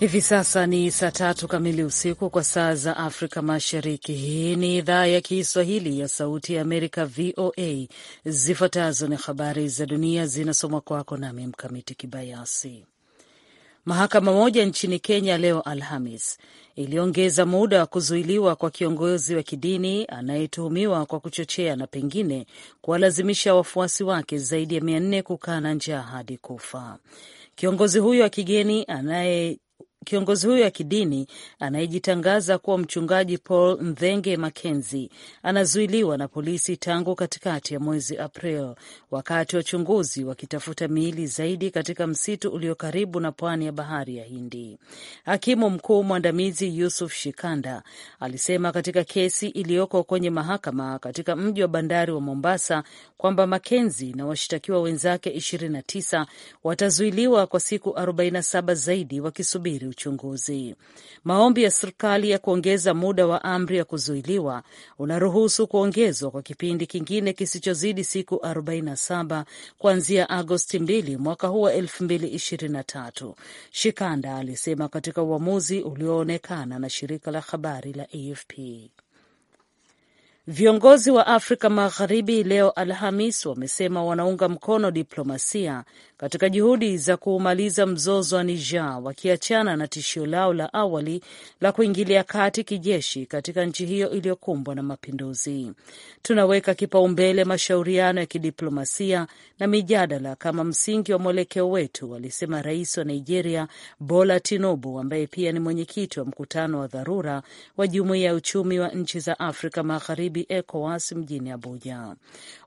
Hivi sasa ni saa tatu kamili usiku kwa saa za Afrika Mashariki. Hii ni idhaa ya Kiswahili ya Sauti ya Amerika, VOA. Zifuatazo ni habari za dunia, zinasomwa kwako nami Mkamiti Kibayasi. Mahakama moja nchini Kenya leo Alhamis iliongeza muda wa kuzuiliwa kwa kiongozi wa kidini anayetuhumiwa kwa kuchochea na pengine kuwalazimisha wafuasi wake zaidi ya mia nne kukaa na njaa hadi kufa. Kiongozi huyo wa kigeni anaye Kiongozi huyo wa kidini anayejitangaza kuwa mchungaji Paul nthenge makenzi anazuiliwa na polisi tangu katikati ya mwezi April, wakati wachunguzi wakitafuta miili zaidi katika msitu ulio karibu na pwani ya bahari ya Hindi. Hakimu mkuu mwandamizi Yusuf Shikanda alisema katika kesi iliyoko kwenye mahakama katika mji wa bandari wa Mombasa kwamba makenzi na washtakiwa wenzake 29 watazuiliwa kwa siku 47 zaidi wakisubiri tayari uchunguzi. Maombi ya serikali ya kuongeza muda wa amri ya kuzuiliwa unaruhusu kuongezwa kwa kipindi kingine kisichozidi siku 47 kuanzia Agosti 2 mwaka huu wa 2023, Shikanda alisema katika uamuzi ulioonekana na shirika la habari la AFP. Viongozi wa Afrika Magharibi leo Alhamis wamesema wanaunga mkono diplomasia katika juhudi za kuumaliza mzozo wa Niger, wakiachana na tishio lao la awali la kuingilia kati kijeshi katika nchi hiyo iliyokumbwa na mapinduzi. Tunaweka kipaumbele mashauriano ya kidiplomasia na mijadala kama msingi wa mwelekeo wetu, alisema rais wa Nigeria Bola Tinubu, ambaye pia ni mwenyekiti wa mkutano wa dharura wa Jumuiya ya Uchumi wa Nchi za Afrika Magharibi, ECOWAS, mjini Abuja.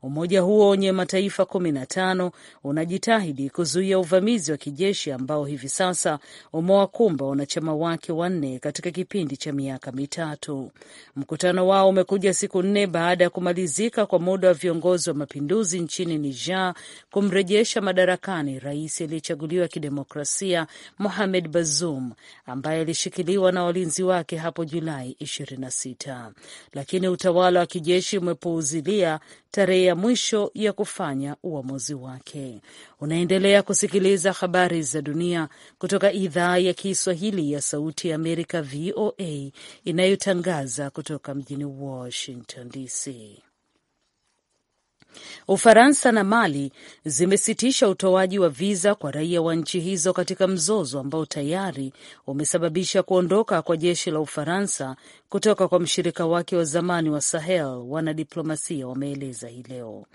Umoja huo wenye mataifa kumi na tano unajitahidi zaidi kuzuia uvamizi wa kijeshi ambao hivi sasa umewakumba wanachama wake wanne katika kipindi cha miaka mitatu. Mkutano wao umekuja siku nne baada ya kumalizika kwa muda wa viongozi wa mapinduzi nchini Niger kumrejesha madarakani rais aliyechaguliwa kidemokrasia Mohamed Bazoum ambaye alishikiliwa na walinzi wake hapo Julai 26, lakini utawala wa kijeshi umepuuzilia tarehe ya mwisho ya kufanya uamuzi wake. Unaendelea kusikiliza habari za dunia kutoka idhaa ya Kiswahili ya Sauti ya Amerika, VOA, inayotangaza kutoka mjini Washington DC. Ufaransa na Mali zimesitisha utoaji wa viza kwa raia wa nchi hizo katika mzozo ambao tayari umesababisha kuondoka kwa jeshi la Ufaransa kutoka kwa mshirika wake wa zamani wa Sahel, wanadiplomasia wameeleza hii leo.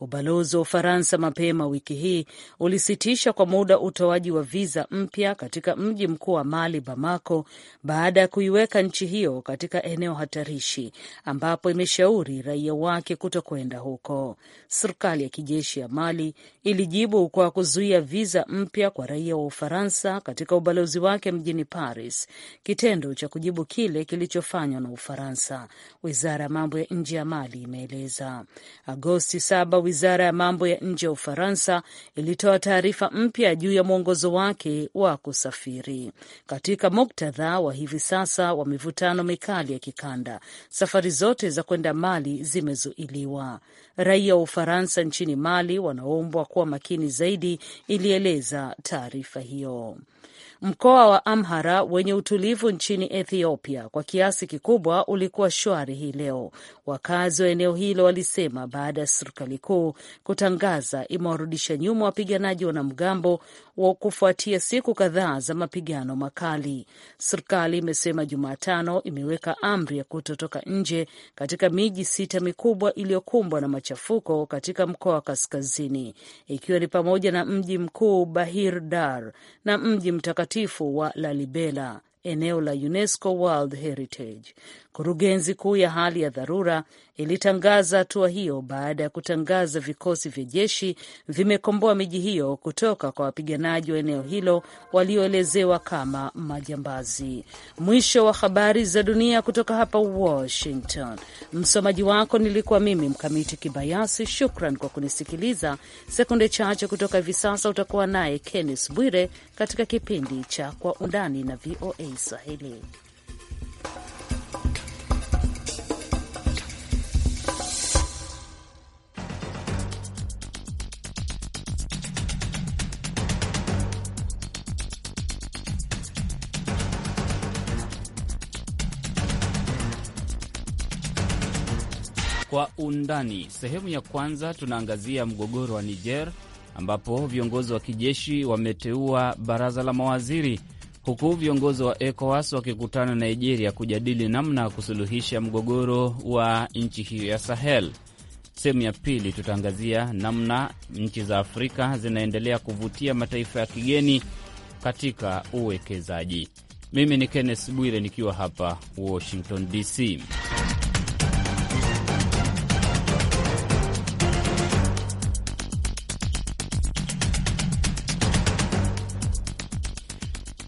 Ubalozi wa Ufaransa mapema wiki hii ulisitisha kwa muda utoaji wa viza mpya katika mji mkuu wa Mali, Bamako, baada ya kuiweka nchi hiyo katika eneo hatarishi ambapo imeshauri raia wake kutokwenda huko serikali ya kijeshi ya Mali ilijibu kwa kuzuia viza mpya kwa raia wa Ufaransa katika ubalozi wake mjini Paris, kitendo cha kujibu kile kilichofanywa na Ufaransa, wizara ya mambo ya nje ya Mali imeeleza. Agosti saba, wizara ya mambo ya nje ya Ufaransa ilitoa taarifa mpya juu ya mwongozo wake wa kusafiri katika muktadha wa hivi sasa wa mivutano mikali ya kikanda. Safari zote za kwenda Mali zimezuiliwa raia raia wa Ufaransa nchini Mali wanaombwa kuwa makini zaidi, ilieleza taarifa hiyo. Mkoa wa Amhara wenye utulivu nchini Ethiopia kwa kiasi kikubwa ulikuwa shwari hii leo, wakazi wa eneo hilo walisema, baada ya serikali kuu kutangaza imewarudisha nyuma wapiganaji wanamgambo wa kufuatia siku kadhaa za mapigano makali. Serikali imesema Jumatano imeweka amri ya kutotoka nje katika miji sita mikubwa iliyokumbwa na machafuko katika mkoa wa kaskazini, ikiwa ni pamoja na mji mkuu Bahir Dar na mji mtakatifu mtakatifu wa Lalibela, eneo la UNESCO World Heritage. Kurugenzi kuu ya hali ya dharura ilitangaza hatua hiyo baada ya kutangaza vikosi vya jeshi vimekomboa miji hiyo kutoka kwa wapiganaji wa eneo hilo walioelezewa kama majambazi. Mwisho wa habari za dunia kutoka hapa Washington. Msomaji wako nilikuwa mimi Mkamiti Kibayasi. Shukran kwa kunisikiliza. Sekunde chache kutoka hivi sasa utakuwa naye Kennes Bwire katika kipindi cha Kwa Undani na VOA Swahili. kwa undani. Sehemu ya kwanza tunaangazia mgogoro wa Niger ambapo viongozi wa kijeshi wameteua baraza la mawaziri huku viongozi wa ECOWAS wakikutana Nigeria kujadili namna ya kusuluhisha mgogoro wa nchi hiyo ya Sahel. Sehemu ya pili tutaangazia namna nchi za Afrika zinaendelea kuvutia mataifa ya kigeni katika uwekezaji. Mimi ni Kenneth Bwire nikiwa hapa Washington DC.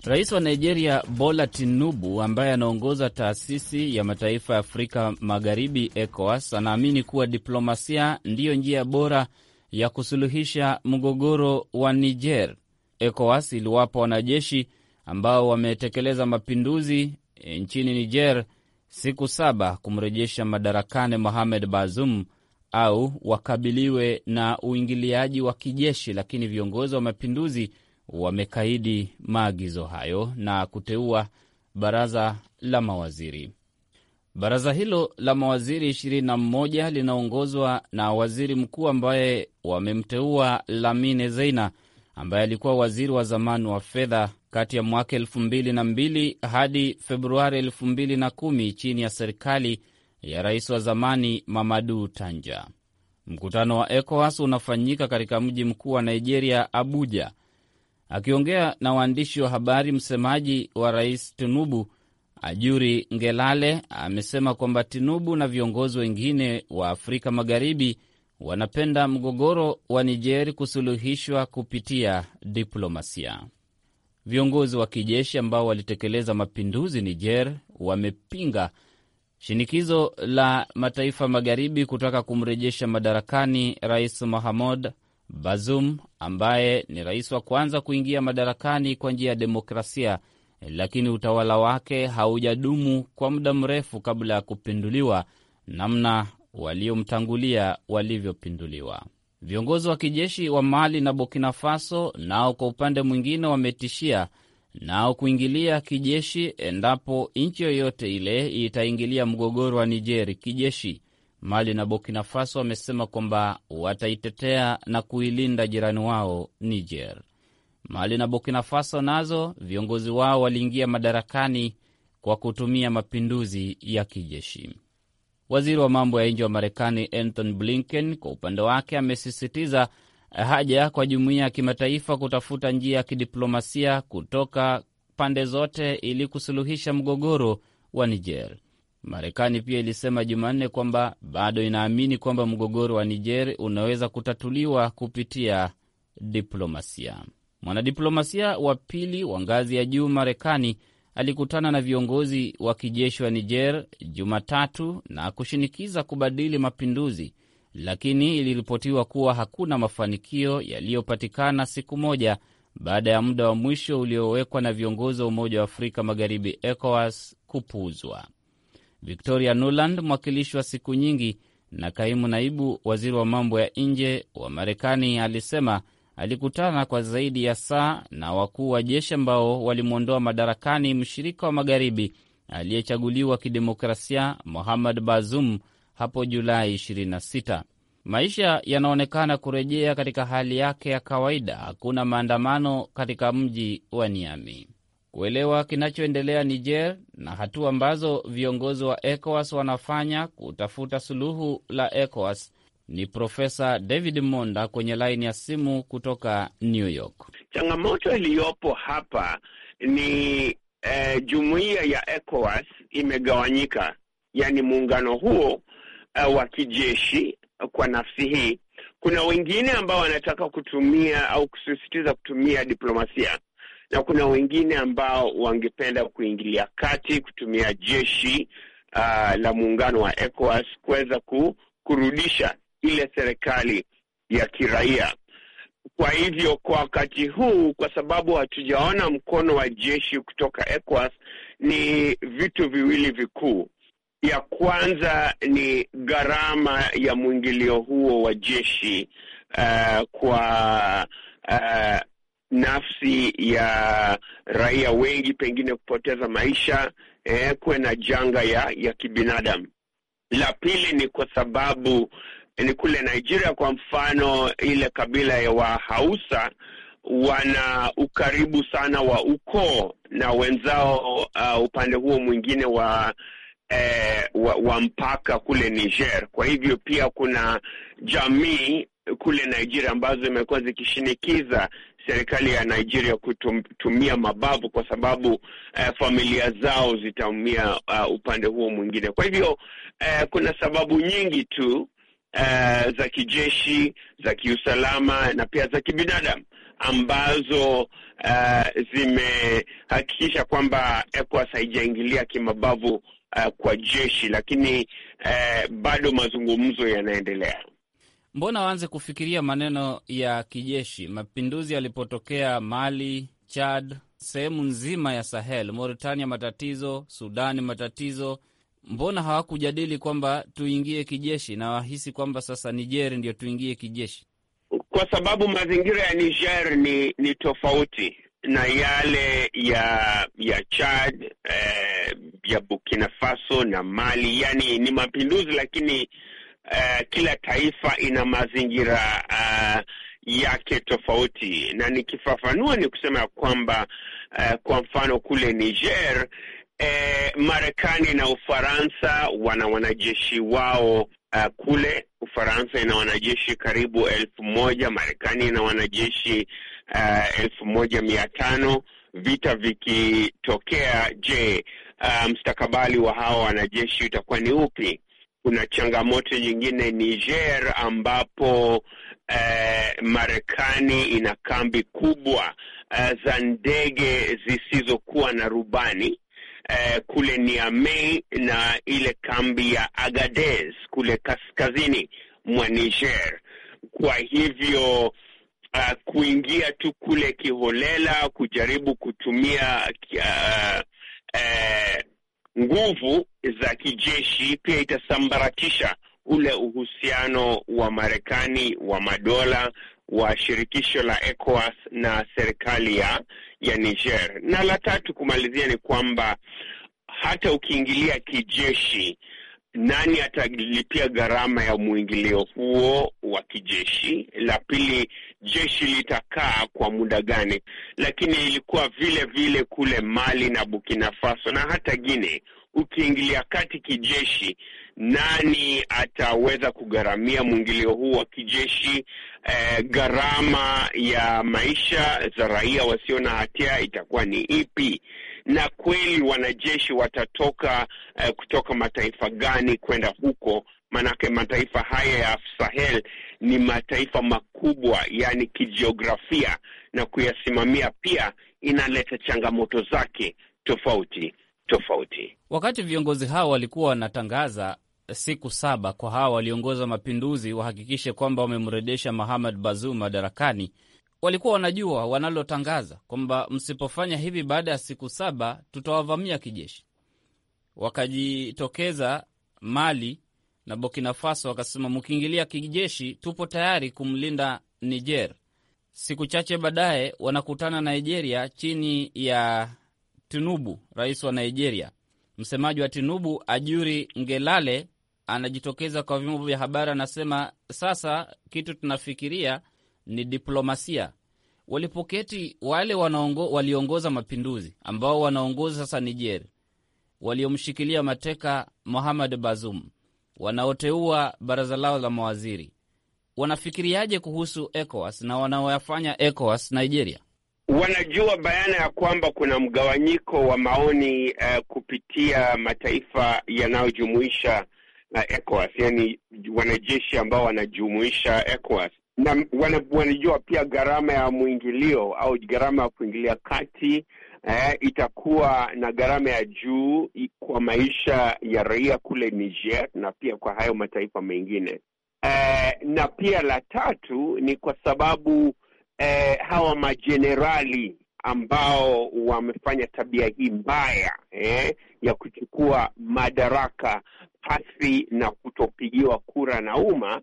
Rais wa Nigeria Bola Tinubu, ambaye anaongoza taasisi ya mataifa ya Afrika Magharibi, ECOWAS, anaamini kuwa diplomasia ndiyo njia bora ya kusuluhisha mgogoro wa Niger. ECOWAS iliwapa wanajeshi ambao wametekeleza mapinduzi e, nchini Niger siku saba kumrejesha madarakani Mohamed Bazoum au wakabiliwe na uingiliaji wa kijeshi, lakini viongozi wa mapinduzi wamekaidi maagizo hayo na kuteua baraza la mawaziri. Baraza hilo la mawaziri 21 linaongozwa na waziri mkuu ambaye wamemteua Lamine Zeina, ambaye alikuwa waziri wa zamani wa fedha kati ya mwaka 2002 hadi Februari 2010 chini ya serikali ya rais wa zamani Mamadu Tanja. Mkutano wa ECOWAS unafanyika katika mji mkuu wa Nigeria, Abuja, Akiongea na waandishi wa habari, msemaji wa rais Tinubu Ajuri Ngelale amesema kwamba Tinubu na viongozi wengine wa Afrika Magharibi wanapenda mgogoro wa Niger kusuluhishwa kupitia diplomasia. Viongozi wa kijeshi ambao walitekeleza mapinduzi Niger wamepinga shinikizo la mataifa magharibi kutaka kumrejesha madarakani rais Mahamud Bazoum ambaye ni rais wa kwanza kuingia madarakani kwa njia ya demokrasia, lakini utawala wake haujadumu kwa muda mrefu kabla ya kupinduliwa namna waliomtangulia walivyopinduliwa. Viongozi wa kijeshi wa Mali na Burkina Faso nao kwa upande mwingine wametishia nao kuingilia kijeshi endapo nchi yoyote ile itaingilia mgogoro wa Nijeri kijeshi. Mali na Burkina Faso wamesema kwamba wataitetea na kuilinda jirani wao Niger. Mali na Burkina Faso nazo viongozi wao waliingia madarakani kwa kutumia mapinduzi ya kijeshi. Waziri wa mambo ya nje wa Marekani Anthony Blinken kwa upande wake amesisitiza haja kwa jumuiya ya kimataifa kutafuta njia ya kidiplomasia kutoka pande zote ili kusuluhisha mgogoro wa Niger. Marekani pia ilisema Jumanne kwamba bado inaamini kwamba mgogoro wa Niger unaweza kutatuliwa kupitia diplomasia. Mwanadiplomasia wa pili wa ngazi ya juu Marekani alikutana na viongozi wa kijeshi wa Niger Jumatatu na kushinikiza kubadili mapinduzi, lakini iliripotiwa kuwa hakuna mafanikio yaliyopatikana siku moja baada ya muda wa mwisho uliowekwa na viongozi wa Umoja wa Afrika Magharibi, ECOWAS, kupuuzwa. Victoria Nuland, mwakilishi wa siku nyingi na kaimu naibu waziri wa mambo ya nje wa Marekani, alisema alikutana kwa zaidi ya saa na wakuu wa jeshi ambao walimwondoa madarakani mshirika wa magharibi aliyechaguliwa kidemokrasia Mohamed Bazoum hapo Julai 26. Maisha yanaonekana kurejea katika hali yake ya kawaida. Hakuna maandamano katika mji wa Niamey kuelewa kinachoendelea Niger na hatua ambazo viongozi wa ECOWAS wanafanya kutafuta suluhu la ECOWAS. Ni Profesa David Monda kwenye laini ya simu kutoka New York. Changamoto iliyopo hapa ni eh, jumuiya ya ECOWAS imegawanyika, yani muungano huo eh, wa kijeshi kwa nafsi hii, kuna wengine ambao wanataka kutumia au kusisitiza kutumia diplomasia na kuna wengine ambao wangependa kuingilia kati kutumia jeshi uh, la muungano wa ECOWAS kuweza ku, kurudisha ile serikali ya kiraia. Kwa hivyo kwa wakati huu, kwa sababu hatujaona mkono wa jeshi kutoka ECOWAS, ni vitu viwili vikuu. Ya kwanza ni gharama ya mwingilio huo wa jeshi uh, kwa uh, nafsi ya raia wengi pengine kupoteza maisha, eh, kuwe na janga ya, ya kibinadamu. La pili ni kwa sababu ni kule Nigeria kwa mfano, ile kabila ya Wahausa wana ukaribu sana wa ukoo na wenzao uh, upande huo mwingine wa Eh, wa, wa mpaka kule Niger. Kwa hivyo pia kuna jamii kule Nigeria ambazo zimekuwa zikishinikiza serikali ya Nigeria kutumia mabavu, kwa sababu eh, familia zao zitaumia uh, upande huo mwingine. Kwa hivyo eh, kuna sababu nyingi tu eh, za kijeshi, za kiusalama na pia za kibinadamu ambazo uh, zimehakikisha kwamba ECOWAS haijaingilia kimabavu uh, kwa jeshi, lakini uh, bado mazungumzo yanaendelea mbona waanze kufikiria maneno ya kijeshi? Mapinduzi yalipotokea Mali, Chad, sehemu nzima ya Sahel, Mauritania matatizo, Sudani matatizo, mbona hawakujadili kwamba tuingie kijeshi na wahisi kwamba sasa Niger ndio tuingie kijeshi? Kwa sababu mazingira ya Niger ni, ni tofauti na yale ya ya Chad eh, ya Burkina Faso na Mali. Yani ni mapinduzi lakini Eh, kila taifa ina mazingira uh, yake tofauti, na nikifafanua ni kusema ya kwamba uh, kwa mfano kule Niger eh, Marekani na Ufaransa wana wanajeshi wao Uh, kule Ufaransa ina wanajeshi karibu elfu moja, Marekani ina wanajeshi uh, elfu moja mia tano. Vita vikitokea, je, uh, mstakabali wa hawa wanajeshi utakuwa ni upi? Kuna changamoto nyingine Niger, ambapo eh, Marekani ina kambi kubwa eh, za ndege zisizokuwa na rubani eh, kule Niamey na ile kambi ya Agadez kule kaskazini mwa Niger. Kwa hivyo Uh, kuingia tu kule kiholela kujaribu kutumia uh, Nguvu za kijeshi pia itasambaratisha ule uhusiano wa Marekani wa madola wa shirikisho la ECOWAS na serikali ya ya Niger. Na la tatu kumalizia ni kwamba hata ukiingilia kijeshi nani atalipia gharama ya mwingilio huo wa kijeshi? La pili, jeshi litakaa kwa muda gani? Lakini ilikuwa vile vile kule Mali na Burkina Faso na hata Guinea, ukiingilia kati kijeshi, nani ataweza kugharamia mwingilio huu wa kijeshi? Eh, gharama ya maisha za raia wasio na hatia itakuwa ni ipi? na kweli wanajeshi watatoka eh, kutoka mataifa gani kwenda huko? Maanake mataifa haya ya Sahel ni mataifa makubwa, yani kijiografia, na kuyasimamia pia inaleta changamoto zake tofauti tofauti. Wakati viongozi hao walikuwa wanatangaza eh, siku saba kwa hawa waliongoza mapinduzi wahakikishe kwamba wamemrejesha mahamad bazu madarakani walikuwa wanajua wanalotangaza, kwamba msipofanya hivi baada ya siku saba tutawavamia kijeshi. Wakajitokeza Mali na Burkina Faso wakasema, mkiingilia kijeshi tupo tayari kumlinda Niger. Siku chache baadaye wanakutana Nigeria chini ya Tinubu, rais wa Nigeria. Msemaji wa Tinubu Ajuri Ngelale anajitokeza kwa vyombo vya habari, anasema sasa kitu tunafikiria ni diplomasia. Walipoketi wale wanaongo, waliongoza mapinduzi ambao wanaongoza sasa Niger, waliomshikilia mateka Mohamed Bazoum, wanaoteua baraza lao la mawaziri, wanafikiriaje kuhusu ECOWAS na wanaoyafanya ECOWAS Nigeria? Wanajua bayana ya kwamba kuna mgawanyiko wa maoni uh, kupitia mataifa yanayojumuisha uh, ECOWAS, yani wanajeshi ambao wanajumuisha ECOWAS na wanajua pia gharama ya mwingilio au gharama ya kuingilia kati eh, itakuwa na gharama ya juu kwa maisha ya raia kule Niger na pia kwa hayo mataifa mengine eh, na pia la tatu ni kwa sababu eh, hawa majenerali ambao wamefanya tabia hii mbaya eh, ya kuchukua madaraka pasi na kutopigiwa kura na umma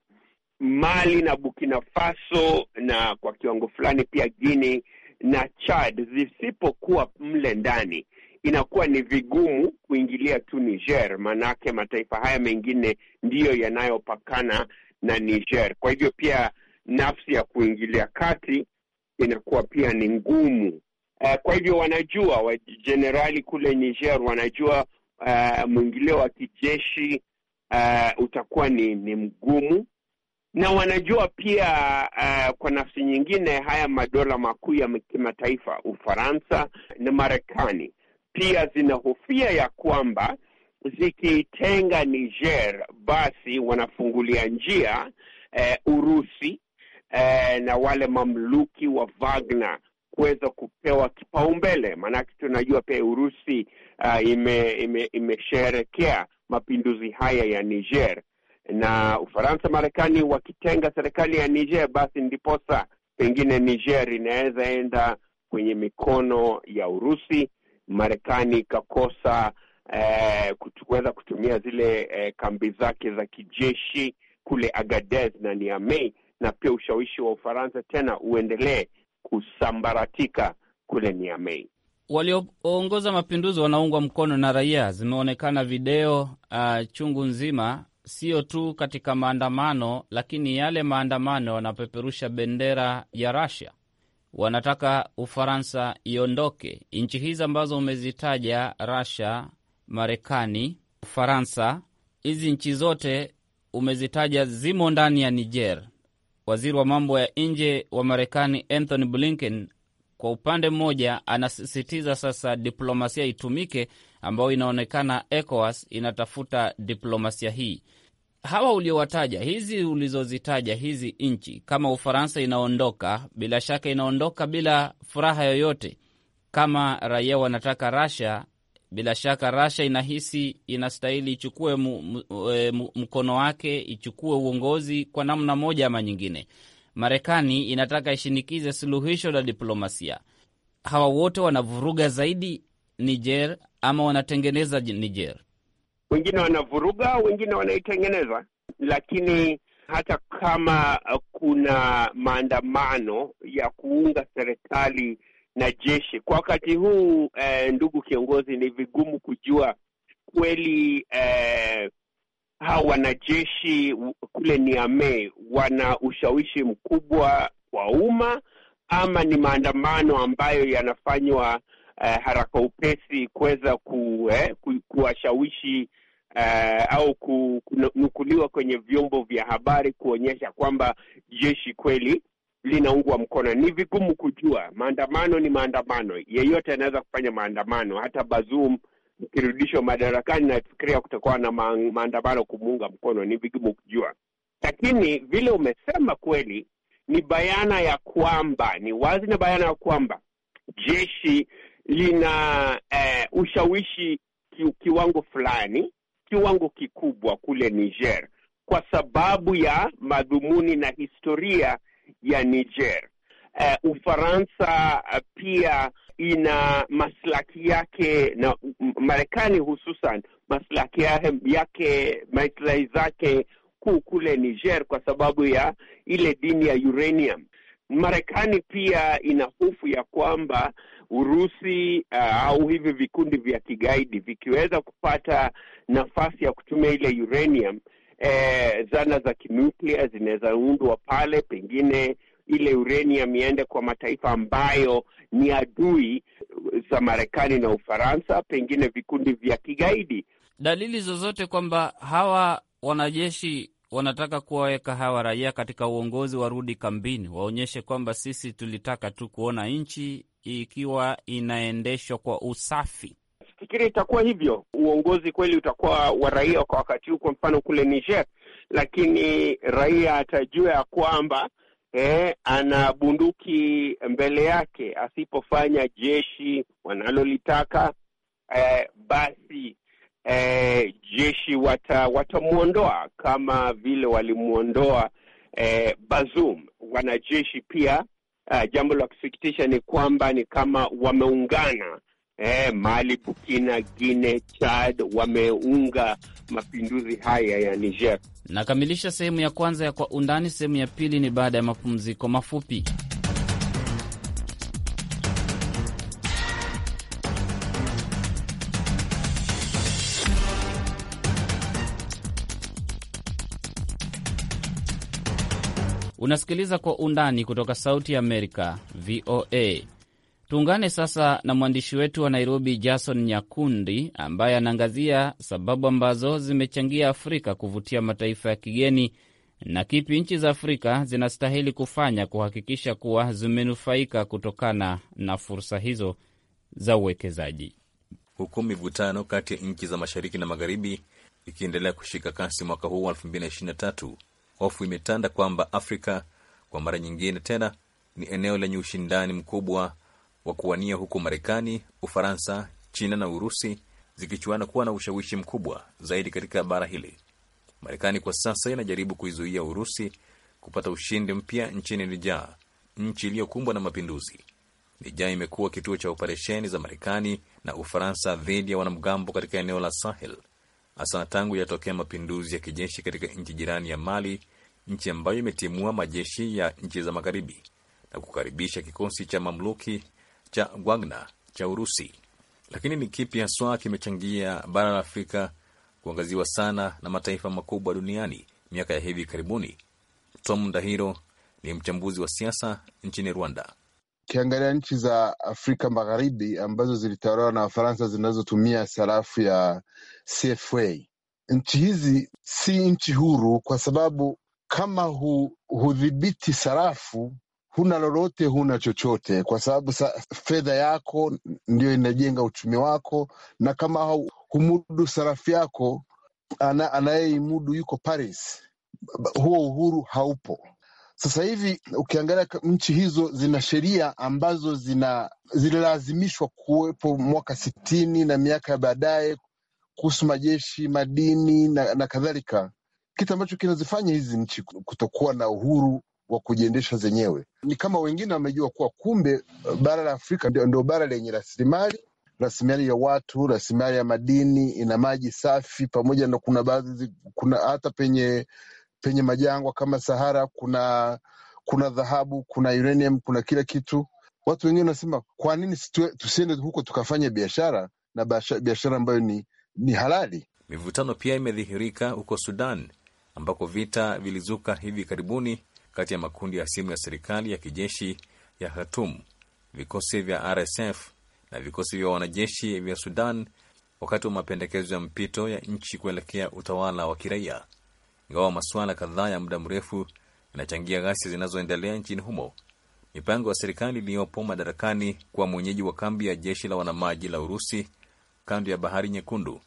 Mali na Burkina Faso na kwa kiwango fulani pia Guinea na Chad zisipokuwa mle ndani, inakuwa ni vigumu kuingilia tu Niger, maanake mataifa haya mengine ndiyo yanayopakana na Niger. Kwa hivyo pia nafsi ya kuingilia kati inakuwa pia ni ngumu. Uh, kwa hivyo wanajua wajenerali kule Niger wanajua uh, mwingilio wa kijeshi uh, utakuwa ni, ni mgumu na wanajua pia uh, kwa nafsi nyingine haya madola makuu ya kimataifa Ufaransa na Marekani pia zinahofia ya kwamba zikitenga Niger basi wanafungulia njia uh, Urusi uh, na wale mamluki wa Wagner kuweza kupewa kipaumbele, maanake tunajua pia Urusi uh, imesherekea ime, ime mapinduzi haya ya Niger na Ufaransa, Marekani wakitenga serikali ya Niger, basi ndiposa pengine Niger inaweza enda kwenye mikono ya Urusi. Marekani ikakosa eh, kuweza kutumia zile eh, kambi zake za kijeshi kule Agadez na Niamey, na pia ushawishi wa Ufaransa tena uendelee kusambaratika kule Niamey. Walioongoza mapinduzi wanaungwa mkono na raia, zimeonekana video uh, chungu nzima sio tu katika maandamano, lakini yale maandamano wanapeperusha bendera ya Russia, wanataka Ufaransa iondoke. Nchi hizi ambazo umezitaja, Russia, Marekani, Ufaransa, hizi nchi zote umezitaja zimo ndani ya Niger. Waziri wa mambo ya nje wa Marekani Anthony Blinken kwa upande mmoja anasisitiza sasa diplomasia itumike, ambayo inaonekana ECOWAS inatafuta diplomasia hii. Hawa uliowataja hizi ulizozitaja hizi nchi, kama Ufaransa inaondoka, bila shaka inaondoka bila furaha yoyote. Kama raia wanataka Russia, bila shaka Russia inahisi inastahili ichukue eh, mkono wake, ichukue uongozi kwa namna moja ama nyingine. Marekani inataka ishinikize suluhisho la diplomasia. Hawa wote wanavuruga zaidi Niger ama wanatengeneza Niger? Wengine wanavuruga, wengine wanaitengeneza. Lakini hata kama kuna maandamano ya kuunga serikali na jeshi kwa wakati huu, eh, ndugu kiongozi, ni vigumu kujua kweli eh, hawa wanajeshi kule Niamey wana ushawishi mkubwa kwa umma ama ni maandamano ambayo yanafanywa uh, haraka upesi kuweza ku, eh, ku, kuwashawishi uh, au kunukuliwa kwenye vyombo vya habari kuonyesha kwamba jeshi kweli linaungwa mkono. Ni vigumu kujua. Maandamano ni maandamano, yeyote anaweza kufanya maandamano, hata Bazoum ukirudishwa madarakani, nafikiria kutakuwa na maandamano kumuunga mkono, ni vigumu kujua. Lakini vile umesema kweli, ni bayana ya kwamba ni wazi na bayana ya kwamba jeshi lina eh, ushawishi ki, kiwango fulani kiwango kikubwa kule Niger kwa sababu ya madhumuni na historia ya Niger. Uh, Ufaransa eh, pia ina maslahi yake na Marekani hususan maslahi yake, maslahi zake kuu kule Niger kwa sababu ya ile dini ya uranium. Marekani pia ina hofu ya kwamba Urusi uh, au hivi vikundi vya kigaidi vikiweza kupata nafasi ya kutumia ile uranium eh, zana za kinuklia zinawezaundwa pale pengine ile uranium iende kwa mataifa ambayo ni adui za Marekani na Ufaransa, pengine vikundi vya kigaidi. Dalili zozote kwamba hawa wanajeshi wanataka kuwaweka hawa raia katika uongozi, warudi kambini, waonyeshe kwamba sisi tulitaka tu kuona nchi ikiwa inaendeshwa kwa usafi. Fikiri itakuwa hivyo, uongozi kweli utakuwa wa raia kwa wakati huu, kwa mfano kule Niger, lakini raia atajua ya kwamba eh, ana bunduki mbele yake, asipofanya jeshi wanalolitaka eh, basi eh, jeshi wata watamwondoa kama vile walimwondoa eh, Bazoum. Wanajeshi pia Uh, jambo la kusikitisha ni kwamba ni kama wameungana eh, Mali, Burkina, Guine, Chad wameunga mapinduzi haya ya Niger. Nakamilisha sehemu ya kwanza ya Kwa Undani. Sehemu ya pili ni baada ya mapumziko mafupi. Unasikiliza Kwa Undani kutoka Sauti ya Amerika, VOA. Tuungane sasa na mwandishi wetu wa Nairobi, Jason Nyakundi, ambaye anaangazia sababu ambazo zimechangia Afrika kuvutia mataifa ya kigeni na kipi nchi za Afrika zinastahili kufanya kuhakikisha kuwa zimenufaika kutokana na fursa hizo za uwekezaji. Huku mivutano kati ya nchi za mashariki na magharibi ikiendelea kushika kasi mwaka huu wa 2023, hofu imetanda kwamba Afrika kwa mara nyingine tena ni eneo lenye ushindani mkubwa wa kuwania huku Marekani, Ufaransa, China na Urusi zikichuana kuwa na ushawishi mkubwa zaidi katika bara hili. Marekani kwa sasa inajaribu kuizuia Urusi kupata ushindi mpya nchini Nija, nchi iliyokumbwa na mapinduzi. Nija imekuwa kituo cha operesheni za Marekani na Ufaransa dhidi ya wanamgambo katika eneo la Sahel, hasa tangu yatokea mapinduzi ya kijeshi katika nchi jirani ya Mali, nchi ambayo imetimua majeshi ya nchi za Magharibi na kukaribisha kikosi cha mamluki cha Wagner cha Urusi. Lakini ni kipi haswa kimechangia bara la Afrika kuangaziwa sana na mataifa makubwa duniani miaka ya hivi karibuni? Tom Ndahiro ni mchambuzi wa siasa nchini Rwanda. Ukiangalia nchi za Afrika Magharibi ambazo zilitawaliwa na Wafaransa zinazotumia sarafu ya CFA, nchi hizi si nchi huru, kwa sababu kama hudhibiti sarafu huna lolote, huna chochote, kwa sababu fedha yako ndiyo inajenga uchumi wako, na kama humudu sarafu yako, ana, anayeimudu yuko Paris. Huo uhuru haupo. Sasa hivi ukiangalia nchi hizo zina sheria ambazo zina zililazimishwa kuwepo mwaka sitini na miaka ya baadaye kuhusu majeshi, madini na, na kadhalika, kitu ambacho kinazifanya hizi nchi kutokuwa na uhuru wa kujiendesha zenyewe. Ni kama wengine wamejua kuwa kumbe eh, bara la Afrika ndio bara lenye rasilimali rasilimali ya watu, rasilimali ya madini, ina maji safi pamoja na kuna baadhi, kuna hata penye penye majangwa kama Sahara kuna kuna dhahabu, kuna uranium, kuna kila kitu. Watu wengine wanasema kwa nini tusiende huko tukafanya biashara na biashara ambayo ni, ni halali. Mivutano pia imedhihirika huko Sudan ambako vita vilizuka hivi karibuni kati ya makundi ya simu ya serikali ya kijeshi ya Khartoum, vikosi vya RSF na vikosi vya wanajeshi vya Sudan wakati wa mapendekezo ya mpito ya nchi kuelekea utawala wa kiraia, ingawa masuala kadhaa ya muda mrefu yanachangia ghasia zinazoendelea nchini humo. Mipango ya serikali iliyopo madarakani kwa mwenyeji wa kambi ya jeshi la wanamaji la Urusi kando ya bahari Nyekundu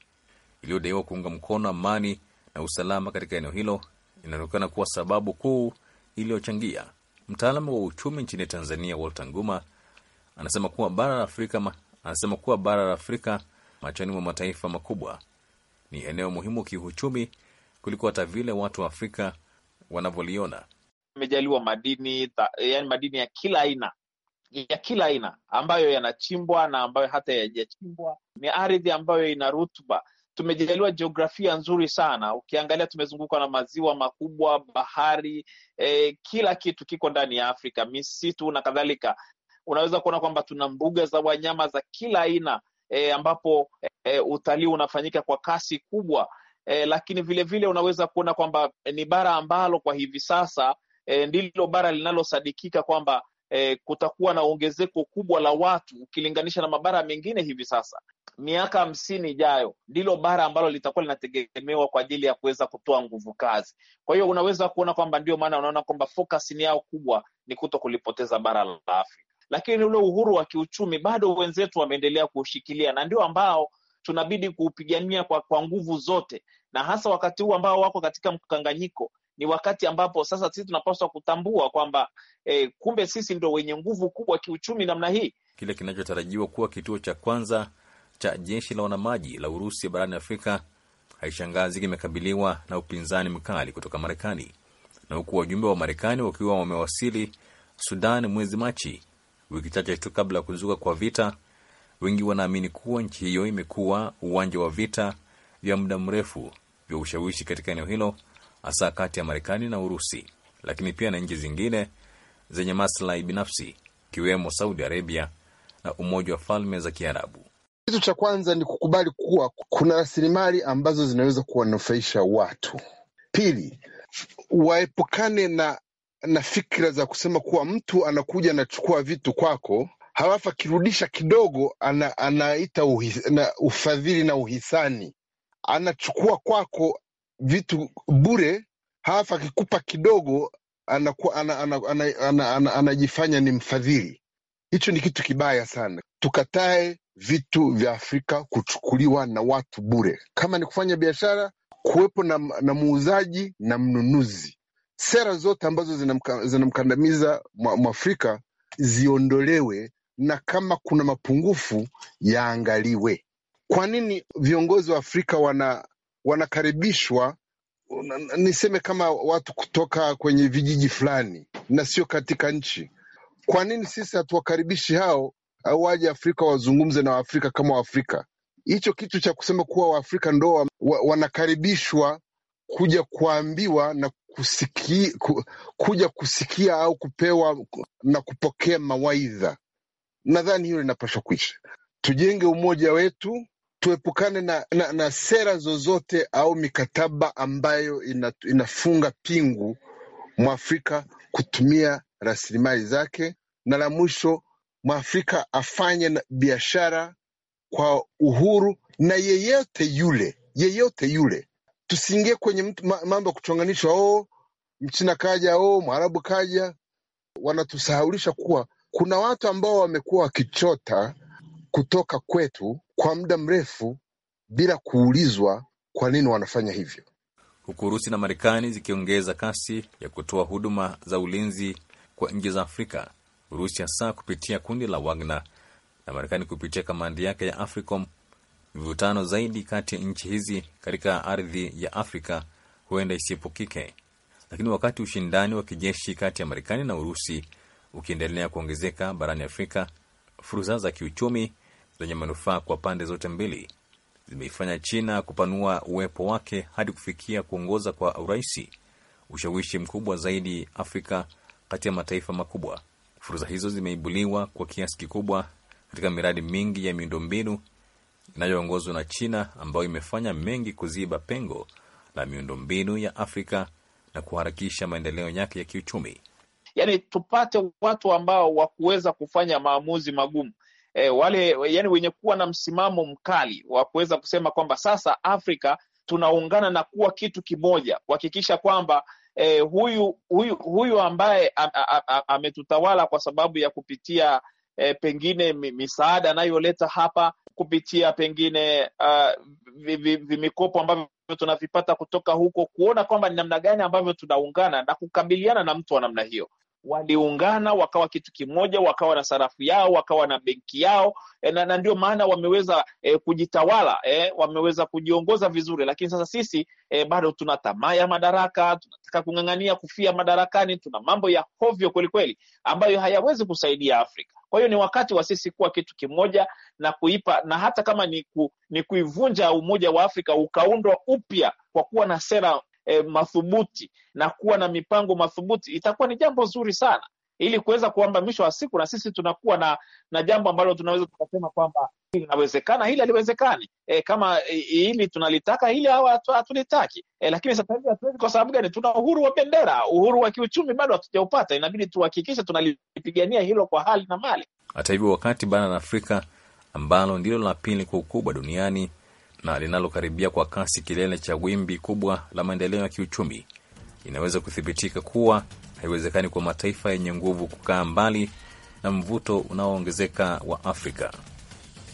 iliyodaiwa kuunga mkono amani na usalama katika eneo hilo inaonekana kuwa sababu kuu iliyochangia. Mtaalamu wa uchumi nchini Tanzania, Walter Nguma, anasema kuwa bara la Afrika, anasema kuwa bara la Afrika machoni mwa mataifa makubwa ni eneo muhimu kiuchumi kuliko hata vile watu wa Afrika wanavyoliona. Imejaliwa madini ta, yani madini ya kila aina ya kila aina ambayo yanachimbwa na ambayo hata yajachimbwa. Ni ardhi ambayo ina rutuba, tumejaliwa jiografia nzuri sana. Ukiangalia tumezungukwa na maziwa makubwa, bahari, eh, kila kitu kiko ndani ya Afrika, misitu na kadhalika. Unaweza kuona kwamba tuna mbuga za wanyama za kila aina eh, ambapo eh, utalii unafanyika kwa kasi kubwa eh, lakini vilevile vile unaweza kuona kwamba eh, ni bara ambalo kwa hivi sasa eh, ndilo bara linalosadikika kwamba eh, kutakuwa na ongezeko kubwa la watu ukilinganisha na mabara mengine hivi sasa. Miaka hamsini ijayo ndilo bara ambalo litakuwa linategemewa kwa ajili ya kuweza kutoa nguvu kazi. Kwa hiyo unaweza kuona kwamba ndio maana unaona kwamba fokasi ni yao kubwa ni kuto kulipoteza bara la Afrika, lakini ule uhuru wa kiuchumi bado wenzetu wameendelea kuushikilia na ndio ambao tunabidi kuupigania kwa, kwa nguvu zote, na hasa wakati huu ambao wako katika mkanganyiko ni wakati ambapo sasa sisi tunapaswa kutambua kwamba eh, kumbe sisi ndo wenye nguvu kubwa kiuchumi namna hii. Kile kinachotarajiwa kuwa kituo cha kwanza cha jeshi la wanamaji la Urusi barani Afrika haishangazi kimekabiliwa na upinzani mkali kutoka Marekani, na huku wajumbe wa Marekani wakiwa wamewasili Sudan mwezi Machi, wiki chache tu kabla ya kuzuka kwa vita, wengi wanaamini kuwa nchi hiyo imekuwa uwanja wa vita vya muda mrefu vya ushawishi katika eneo hilo hasa kati ya Marekani na Urusi, lakini pia na nchi zingine zenye maslahi binafsi ikiwemo Saudi Arabia na Umoja wa Falme za Kiarabu. Kitu cha kwanza ni kukubali kuwa kuna rasilimali ambazo zinaweza kuwanufaisha watu. Pili, waepukane na na fikra za kusema kuwa mtu anakuja anachukua vitu kwako halafu akirudisha kidogo ana, anaita ufadhili na uhisani. Anachukua kwako vitu bure, halafu akikupa kidogo anakuwa anajifanya ana, ana, ana, ana ni mfadhili. Hicho ni kitu kibaya sana. Tukatae vitu vya Afrika kuchukuliwa na watu bure. Kama ni kufanya biashara, kuwepo na, na muuzaji na mnunuzi. Sera zote ambazo zinamkandamiza zina mwafrika ziondolewe, na kama kuna mapungufu yaangaliwe. Kwa nini viongozi wa Afrika wana wanakaribishwa niseme kama watu kutoka kwenye vijiji fulani na sio katika nchi. Kwa nini sisi hatuwakaribishi hao au waje Afrika wazungumze na Waafrika kama Waafrika? Hicho kitu cha kusema kuwa Waafrika ndo wa, wanakaribishwa kuja kuambiwa na kusiki, ku, kuja kusikia au kupewa na kupokea mawaidha, nadhani hilo linapaswa kuisha. Tujenge umoja wetu tuepukane na, na, na sera zozote au mikataba ambayo ina, inafunga pingu mwafrika kutumia rasilimali zake, na la mwisho mwafrika afanye biashara kwa uhuru na yeyote yule, yeyote yule. Tusiingie kwenye mambo ya kuchonganishwa, o oh, mchina kaja, o oh, mwarabu kaja. Wanatusahaulisha kuwa kuna watu ambao wamekuwa wakichota kutoka kwetu kwa muda mrefu bila kuulizwa kwa nini wanafanya hivyo, huku Urusi na Marekani zikiongeza kasi ya kutoa huduma za ulinzi kwa nchi za Afrika, Urusi hasa kupitia kundi la Wagner na Marekani kupitia kamandi yake ya AFRICOM. Mivutano zaidi kati ya nchi hizi katika ardhi ya Afrika huenda isiepukike, lakini wakati ushindani wa kijeshi kati ya Marekani na Urusi ukiendelea kuongezeka barani Afrika, fursa za kiuchumi zenye manufaa kwa pande zote mbili zimeifanya China kupanua uwepo wake hadi kufikia kuongoza kwa urahisi ushawishi mkubwa zaidi Afrika kati ya mataifa makubwa. Fursa hizo zimeibuliwa kwa kiasi kikubwa katika miradi mingi ya miundombinu inayoongozwa na China ambayo imefanya mengi kuziba pengo la miundombinu ya Afrika na kuharakisha maendeleo yake ya kiuchumi. Yaani tupate watu ambao wakuweza kufanya maamuzi magumu, eh, wale yani wenye kuwa na msimamo mkali wa kuweza kusema kwamba sasa Afrika tunaungana na kuwa kitu kimoja kuhakikisha kwamba e, huyu huyu huyu ambaye ametutawala kwa sababu ya kupitia e, pengine misaada anayoleta hapa kupitia pengine uh, vimikopo ambavyo tunavipata kutoka huko, kuona kwamba ni namna gani ambavyo tunaungana na kukabiliana na mtu wa namna hiyo waliungana wakawa kitu kimoja, wakawa na sarafu yao, wakawa na benki yao e, na, na ndio maana wameweza e, kujitawala e, wameweza kujiongoza vizuri. Lakini sasa sisi e, bado tuna tamaa ya madaraka, tunataka kung'ang'ania kufia madarakani, tuna mambo ya hovyo kwelikweli ambayo hayawezi kusaidia Afrika. Kwa hiyo ni wakati wa sisi kuwa kitu kimoja na kuipa na hata kama ni, ku, ni kuivunja umoja wa Afrika ukaundwa upya kwa kuwa na sera eh, mathubuti na kuwa na mipango mathubuti, itakuwa ni jambo zuri sana, ili kuweza kwamba mwisho wa siku na sisi tunakuwa na na jambo ambalo tunaweza tukasema kwamba hili linawezekana, hili haliwezekani. E, kama hili tunalitaka, hili hatulitaki. E, lakini sasa hivi hatuwezi. Kwa sababu gani? Tuna uhuru wa bendera, uhuru wa kiuchumi bado hatujaupata. Inabidi tuhakikishe tunalipigania hilo kwa hali na mali. Hata hivyo, wakati bara la Afrika ambalo ndilo la pili kwa ukubwa duniani na linalokaribia kwa kasi kilele cha wimbi kubwa la maendeleo ya kiuchumi, inaweza kuthibitika kuwa haiwezekani kwa mataifa yenye nguvu kukaa mbali na mvuto unaoongezeka wa Afrika.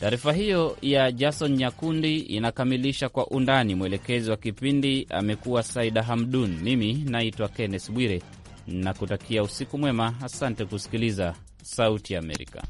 Taarifa hiyo ya Jason Nyakundi inakamilisha kwa undani. Mwelekezi wa kipindi amekuwa Saida Hamdun. Mimi naitwa Kenneth Bwire na kutakia usiku mwema. Asante kusikiliza Sauti ya Amerika.